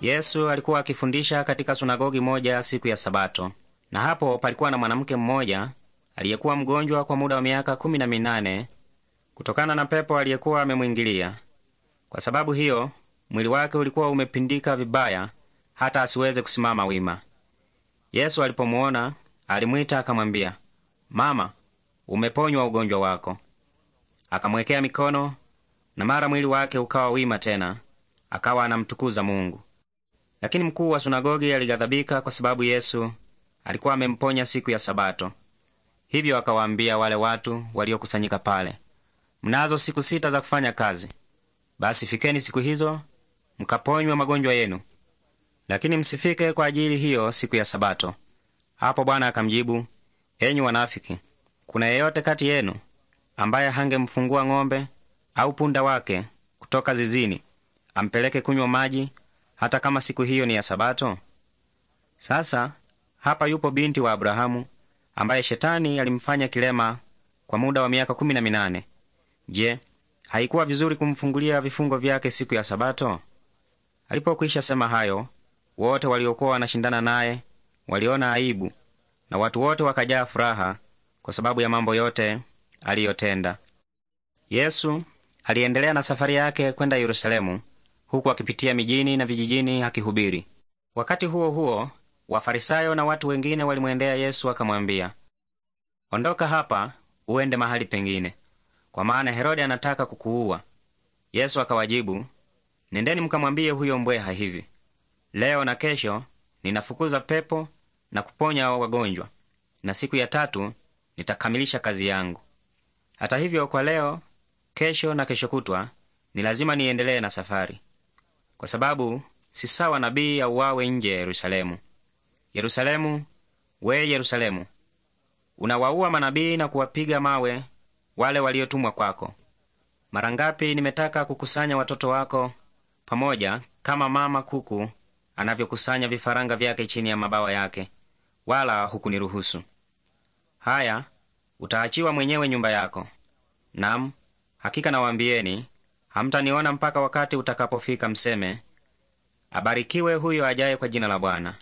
Yesu alikuwa akifundisha katika sunagogi moja siku ya Sabato, na hapo palikuwa na mwanamke mmoja aliyekuwa mgonjwa kwa muda wa miaka kumi na minane kutokana na pepo aliyekuwa amemwingilia. Kwa sababu hiyo mwili wake ulikuwa umepindika vibaya hata asiweze kusimama wima. Yesu alipomuona alimwita akamwambia, Mama, umeponywa ugonjwa wako. Akamwekea mikono na mara mwili wake ukawa wima tena, akawa anamtukuza Mungu. Lakini mkuu wa sunagogi alighadhabika kwa sababu Yesu alikuwa amemponya siku ya Sabato. Hivyo akawaambia wale watu waliokusanyika pale, mnazo siku sita za kufanya kazi, basi fikeni siku hizo mkaponywa magonjwa yenu, lakini msifike kwa ajili hiyo siku ya Sabato. Hapo Bwana akamjibu, enyi wanafiki, kuna yeyote kati yenu ambaye hangemfungua ng'ombe au punda wake kutoka zizini ampeleke kunywa maji hata kama siku hiyo ni ya Sabato. Sasa hapa yupo binti wa Abrahamu ambaye shetani alimfanya kilema kwa muda wa miaka kumi na minane. Je, haikuwa vizuri kumfungulia vifungo vyake siku ya Sabato? Alipokwisha sema hayo, wote waliokuwa wanashindana naye waliona aibu, na watu wote wakajaa furaha kwa sababu ya mambo yote aliyotenda. Yesu aliendelea na safari yake kwenda Yerusalemu huku akipitia mijini na vijijini akihubiri. Wakati huo huo, Wafarisayo na watu wengine walimwendea Yesu wakamwambia, ondoka hapa uende mahali pengine, kwa maana Herode anataka kukuua. Yesu akawajibu, nendeni mkamwambie huyo mbweha hivi, leo na kesho ninafukuza pepo na kuponya wagonjwa, na siku ya tatu nitakamilisha kazi yangu. Hata hivyo, kwa leo, kesho na kesho kutwa ni lazima niendelee na safari kwa sababu si sawa nabii auawe nje ya Yerusalemu. Yerusalemu, we Yerusalemu, unawaua manabii na kuwapiga mawe wale waliotumwa kwako. Mara ngapi nimetaka kukusanya watoto wako pamoja kama mama kuku anavyokusanya vifaranga vyake chini ya mabawa yake, wala hukuniruhusu. Haya, utaachiwa mwenyewe nyumba yako. Nam, hakika nawaambieni, hamtaniona mpaka wakati utakapofika, mseme, abarikiwe huyo ajaye kwa jina la Bwana.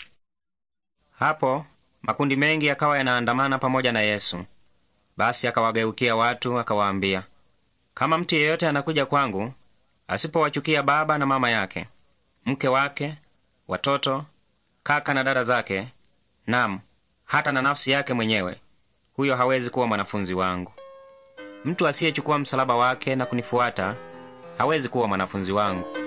Hapo makundi mengi yakawa yanaandamana pamoja na Yesu. Basi akawageukia watu akawaambia, kama mtu yeyote anakuja kwangu asipowachukia baba na mama yake, mke wake, watoto, kaka na dada zake, nam hata na nafsi yake mwenyewe, huyo hawezi kuwa mwanafunzi wangu. Mtu asiyechukua msalaba wake na kunifuata hawezi kuwa mwanafunzi wangu.